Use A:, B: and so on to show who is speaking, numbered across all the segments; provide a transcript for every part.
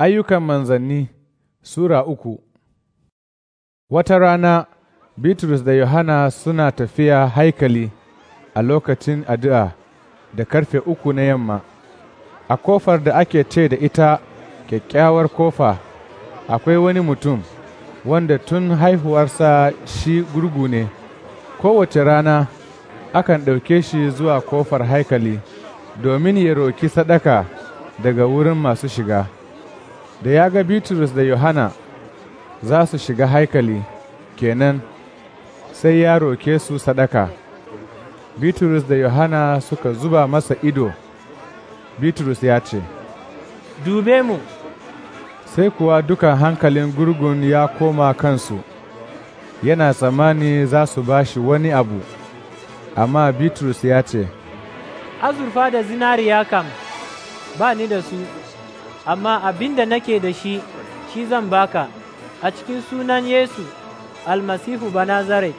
A: Ayyukan manzanni Sura uku Wata rana Bitrus da Yohana suna tafiya haikali a lokacin addu'a da karfe uku na yamma, a kofar da ake ce da ita kyakkyawar kofa akwai wani mutum wanda tun haihuwarsa shi gurgu ne, kowace rana akan ɗauke shi zuwa kofar haikali domin ya roki sadaka daga wurin masu shiga. da ya ga Bitrus da Yohana za su shiga haikali kenan sai ya roke su sadaka. Bitrus da Yohana suka zuba masa ido. Bitrus ya ce, Dube mu! Sai kuwa dukan hankalin gurgun ya koma kansu, yana tsammani za su ba shi wani abu, amma Bitrus ya ce,
B: Azurfa da zinariya kam, ba ni da su. amma abin da nake da shi shi zan baka a cikin sunan Yesu almasihu banazare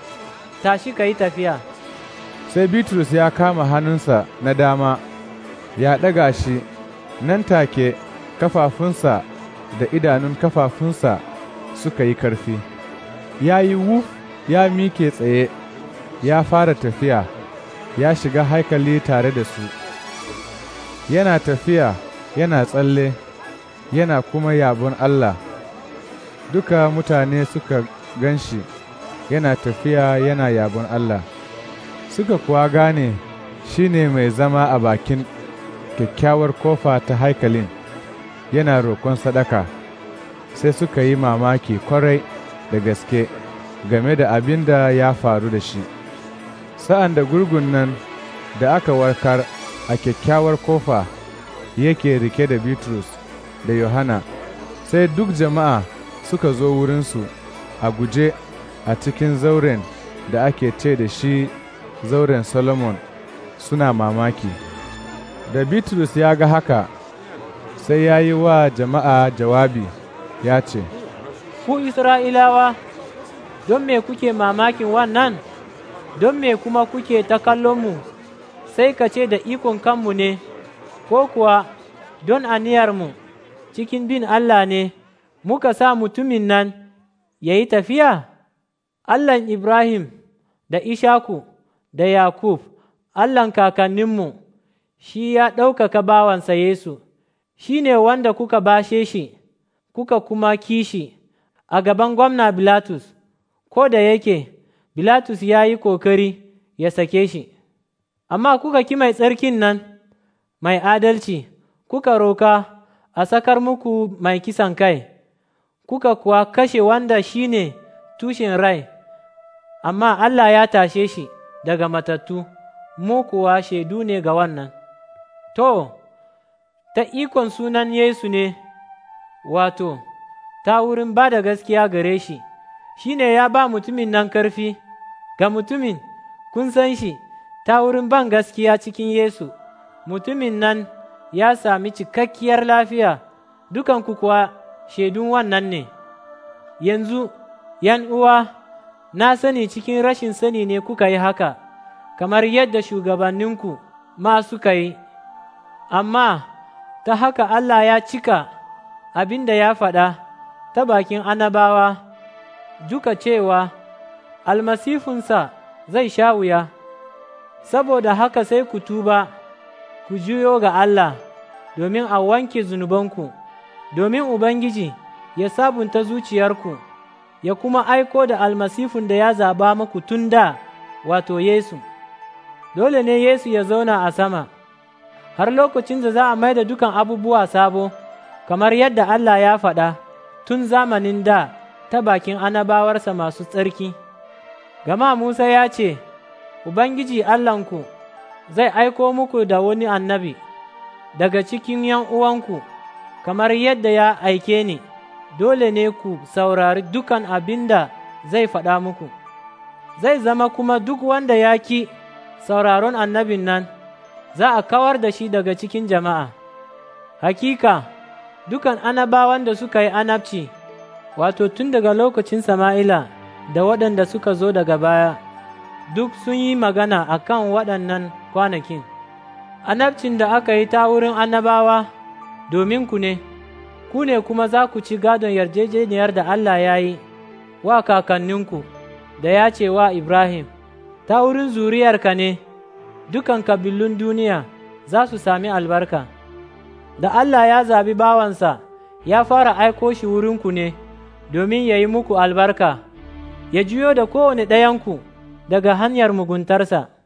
B: tashi ka yi tafiya
A: sai Bitrus ya kama hannunsa na dama ya ɗaga shi nan take kafafunsa da idanun kafafunsa suka yi karfi ya yi wu ya mike tsaye ya fara tafiya ya shiga haikali tare da su yana tafiya yana tsalle yana kuma yabon Allah duka mutane suka gan shi yana tafiya yana yabon Allah suka kuwa gane shi ne mai zama a bakin kyakkyawar kofa ta haikalin yana roƙon sadaka sai suka yi mamaki kwarai da gaske game da abin da ya faru da shi sa'an da gurgun nan da aka warkar a kyakkyawar kofa yake rike da bitrus da Yohana, sai duk jama'a suka zo wurinsu a guje a cikin zauren da ake ce da shi zauren Solomon suna mamaki. Da Bitrus ya ga haka, sai ya yi wa jama'a jawabi ya ce, Ku Isra'ilawa, don
B: me kuke mamakin wannan, don me kuma kuke ta kallon sai ka ce da ikon kanmu ne, ko kuwa don aniyarmu. mu. cikin bin Allah ne muka sa mutumin nan ya yi tafiya? Allahn Ibrahim da Ishaku da Yakub, Allahn kakanninmu, shi ya ɗaukaka bawansa Yesu, shi ne wanda kuka bashe shi, kuka kuma kishi a gaban gwamna Bilatus, ko da yake Bilatus ya yi ƙoƙari ya sake shi. Amma kuka ki mai tsarkin nan, mai adalci, kuka roka a sakar muku mai kisan kai, kuka kuwa kashe wanda shi ne tushen rai, amma Allah ya tashe shi daga matattu, mu kuwa shaidu ne ga wannan. To, ta ikon sunan Yesu ne, wato, ta wurin ba da gaskiya gare shi, shi ne ya ba mutumin nan karfi, ga mutumin kun san shi, ta wurin ban gaskiya cikin Yesu, mutumin nan ya sami cikakkiyar lafiya, dukanku kuwa shaidun wannan ne, yanzu, ’yan uwa, na sani cikin rashin sani ne kuka yi haka, kamar yadda shugabanninku ma suka yi, amma ta haka Allah ya cika abin da ya faɗa ta bakin anabawa, duka cewa almasifinsa zai sha wuya, saboda haka sai ku tuba. ku juyo ga Allah domin a wanke zunubanku, domin Ubangiji ya sabunta zuciyarku, ya kuma aiko da almasifin da ya zaɓa maku tun da wato Yesu. Dole ne Yesu ya zauna a sama, har lokacin da za a mai da dukan abubuwa sabo, kamar yadda Allah ya faɗa tun zamanin da ta bakin anabawarsa masu tsarki. Gama Musa ya ce, Ubangiji Allahnku. zai aiko muku da wani annabi daga cikin ’yan uwanku, kamar yadda ya aike ni, dole ne ku saurari dukan abin da zai faɗa muku, zai zama kuma duk wanda ya ki sauraron annabin nan, za a kawar da shi daga cikin jama'a. Hakika, dukan annabawan da suka yi anabci, wato tun daga lokacin Sama'ila da waɗanda suka zo daga baya. duk sun yi magana a kan waɗannan kwanakin, annabcin da aka yi ta wurin annabawa domin ku ne, ku ne kuma za ku ci gadon yarjejeniyar da Allah ya yi wa kakanninku da ya ce wa Ibrahim, ta wurin zuriyarka ne dukan kabilun duniya za su sami albarka, da Allah ya zabi bawansa ya fara aiko shi wurinku ne domin ya yi muku albarka, ya juyo da kowane ɗayanku. daga hanyar muguntarsa